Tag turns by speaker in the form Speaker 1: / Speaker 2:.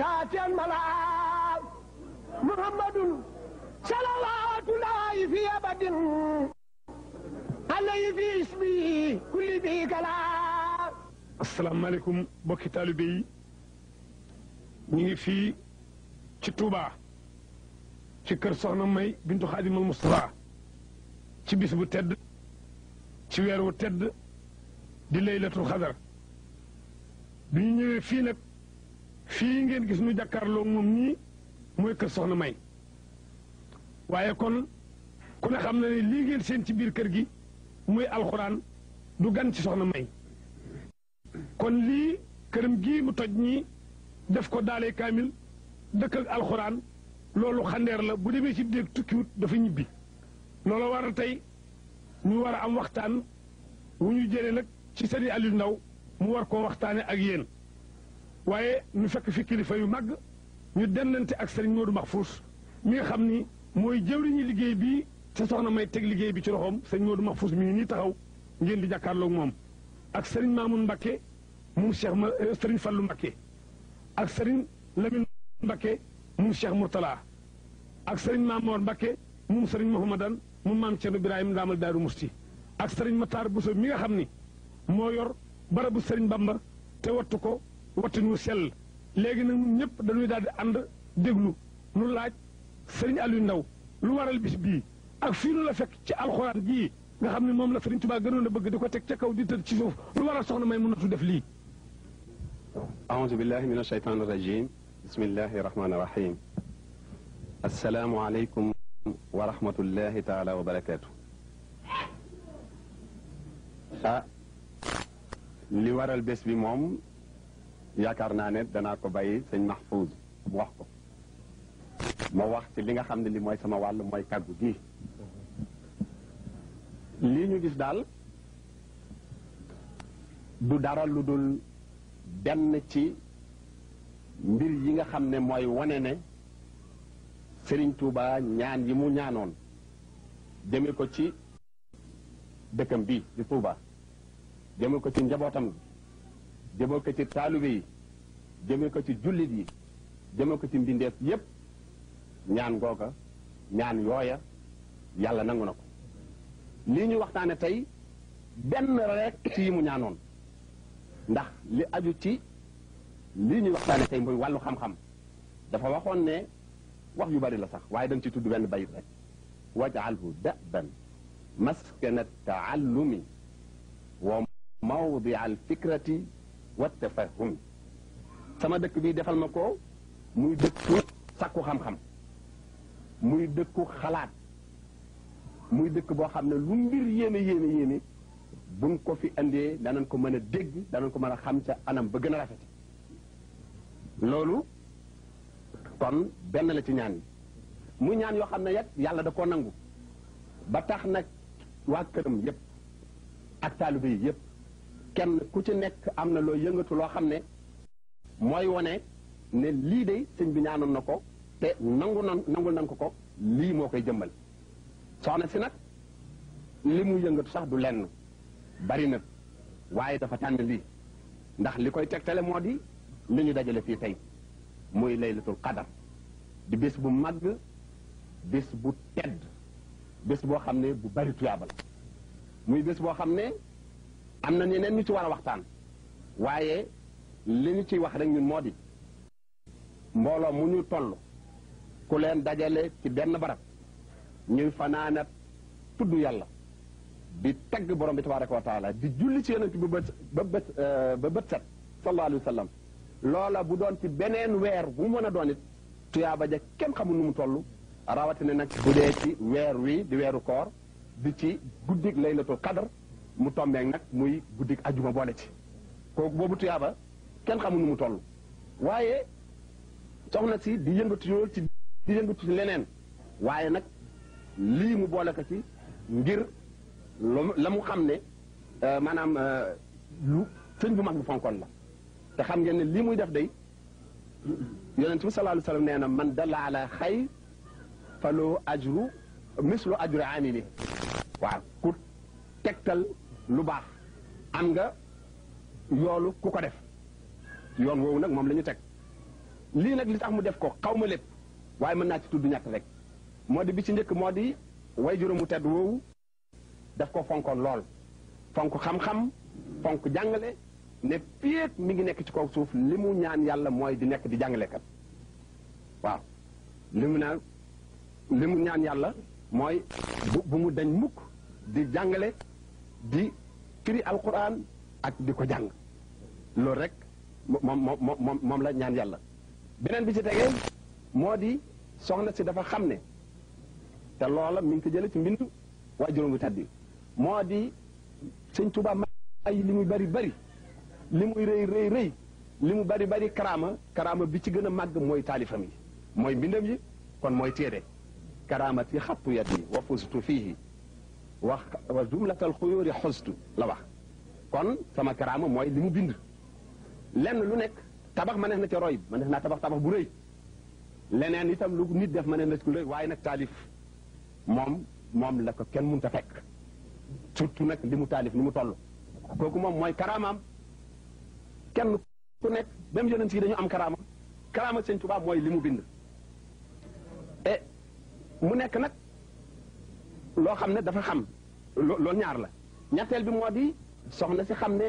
Speaker 1: taatiyal malaal muhammadun salawaatullaahi fi abadin alayhi fi ismi kulli bi kalaam
Speaker 2: asalaamaaleykum bokki taalibe yi ñu ngi fii ci Touba ci kër Soxna May bintu Xaadimal Mustafa ci bis bu tedd ci weer wu tedd di laylatul xadar bi ñu ñëwee fii nag fii ngeen gis nu jàkkaarloo moom nii mooy kër soxna may waaye kon kon ne xam na ne lii ngeen seen ci biir kër gi muy alxuraan du gan ci soxna may kon lii këram gii mu toj nii def ko daalee kaamil dëkk ak alxuraan loolu xandeer la bu demee ci biir tukkiwut dafa ñibbi loolu war a tey ñu war a am waxtaan wu ñu jëlee nag ci seeni Aliou Ndaw mu war koo waxtaane ak yéen waaye ñu fekk fi kilifa yu mag ñu dennante ak sëriñ Modou Mahfous mi nga xam ni mooy jëwriñu liggéey bi te soxna may teg liggéey bi ci loxoom sëriñ Modou Mahfous mi ngi nii taxaw ngeen di jàkkaarloog moom ak sëriñ Mamoun Mbakke moom Cheikh ma euh, sëriñ Fallou Mbakke ak sëriñ Lamine Mbakke moom Cheikh Mourtala ak sëriñ Mamour Mbakke moom sëriñ Mouhamadan moom maam Thierno Birahim Ndaamal Daaru Musti ak sëriñ bu Bousso mi nga xam ni moo yor barabu sëriñ Bamba te wattu ko wattin wu sell léegi nag ñun ñëpp dañuy daal di ànd déglu nu laaj sëriñ Aliou Ndaw lu waral bis bii ak fii nu la fekk ci alxuraan ji nga xam ne moom la sëriñ Tuubaa gënoon a bëgg di ko teg ca kaw di tëdd ci suuf lu waral soxna may mënatu def lii
Speaker 1: aouzu billahi min asheytaan irajim bismillahi rahmaani rahim asalaamu aleykum wa rahmatullahi taala wa barakaatu ah li waral bés bi moom yaakaar naa ne danaa ko bàyyi sëñ Mahfouz mu wax ko ma wax ci li nga xam ne li mooy sama wàll mooy kàggu gi lii ñu gis daal du dara lu dul benn ci mbir yi nga xam ne mooy wane ne Sëriñ Tuuba ñaan yi mu ñaanoon deme ko ci dëkkam bi di Tuuba jëme ko ci njabootam gi jëme ko ci taalibe yi jëme ko ci jullit yi jëme ko ci mbindeef yépp ñaan googa ñaan yooya yàlla nangu na ko lii ñu waxtaane tey benn rek ci yi mu ñaanoon ndax li aju ci lii ñuy waxtaane tey mooy wàllu xam-xam dafa waxoon ne wax yu bari la sax waaye dañ ci tudd benn bayit rek waj'alhu da'ban maskana taallumi wa mawdia alfikrati wa tafahum sama dëkk bii defal ma ko muy dëkku sakku xam-xam muy dëkku xalaat muy dëkk boo xam ne lu mbir yéene yéene yéene buñ ko fi indee danañ ko mën a dégg danañ ko mën a xam ca anam ba gën a rafet loolu kon benn la ci ñaan yi mu ñaan yoo xam ne yet yàlla da koo nangu ba tax nag waa këram yépp ak taalibe yi yépp kenn ku ci nekk am na loo yëngatu loo xam ne mooy wane ne lii de sëñ bi ñaanoon na ko te nangu nan nangul nan ko ko lii moo koy jëmbal soxna si nag li mu yëngatu sax du lenn bari na waaye dafa tànn lii ndax li koy tegtale moo di li ñu dajale fii tey muy laylatul qadar di bés bu màgg bés bu tedd bés boo xam ne bu bari tuyaaba muy bés boo xam ne am na ñeneen ñu ci war a waxtaan waaye li ñu ciy wax rek ñun moo di mbooloo mu ñu toll ku leen dajale ci benn barab ñuy fanaana tudd yàlla di tagg borom bi tabaraka wa di julli ci yonent bi ba bët ba bët ba bët set sallallahu alayhi wa loola bu doon ci beneen weer bu mën a doon it tuyaaba ja kenn xamul nu mu toll rawatina nag bu dee ci weer wi di weeru koor di ci guddig laylatul qadr mu tombeek nag muy guddik ajuma boole ci kooku boobu tuyaaba kenn xamul nu mu toll waaye soxna si di yëngatu lool ci di yëngatu ci leneen waaye nag lii mu boole ko ci ngir la mu xam ne euh, maanaam euh, lu sëñ bu mag fonkoon la te xam ngeen ne lii muy def day yonent bi sallallahu alayhi wasallam nee na man dalla ala xay faloo ajru mislu ajru amili ku tegtal lu baax am nga yoolu ku ko def yoon woowu nag moom la ñu teg lii nag li tax mu def ko xaw ma lépp waaye mën naa ci tudd ñett rek moo di bi ci njëkk moo di way juróomu tedd woowu daf ko fonkoon lool fonk xam-xam fonk jàngale ne fii mi ngi nekk ci kaw suuf li mu ñaan yàlla mooy di nekk di jàngalekat waaw li mu naan li mu ñaan yàlla mooy bu bu mu dañ mukk di jàngale di firi alquran ak di ko jàng loolu rek moom moom moom la ñaan yàlla beneen bi ci tegee moo di soxna si dafa xam ne te loola mu ngi ko jële ci mbindu waajuróom bu tàddi moo di sëñ Tuubaa ay li muy bari bari li muy rëy rëy rëy li mu bari bari karaama karaama bi ci gën a màgg mooy taalifam yi mooy mbindam yi kon mooy téere karaamat yi xattu yat yi wa fii fiihi wax wa jumlatal xuyóori xostu la wax kon sama karaama mooy li mu bind lenn lu nekk tabax ma neex na ca roy ma neex naa tabax tabax bu rëy leneen itam lu nit def ma neex na ci rëy waaye nag taalif moom moom la ko kenn munta a fekk surtout nag li mu taalif ni mu toll kooku moom mooy karaamaam kenn ku nekk même yonent yi dañu am karaama karaama Sëñ Tuubaa mooy li mu bind e mu nekk nag loo xam ne dafa xam loolu ñaar la ñetteel bi moo di soxna si xam ne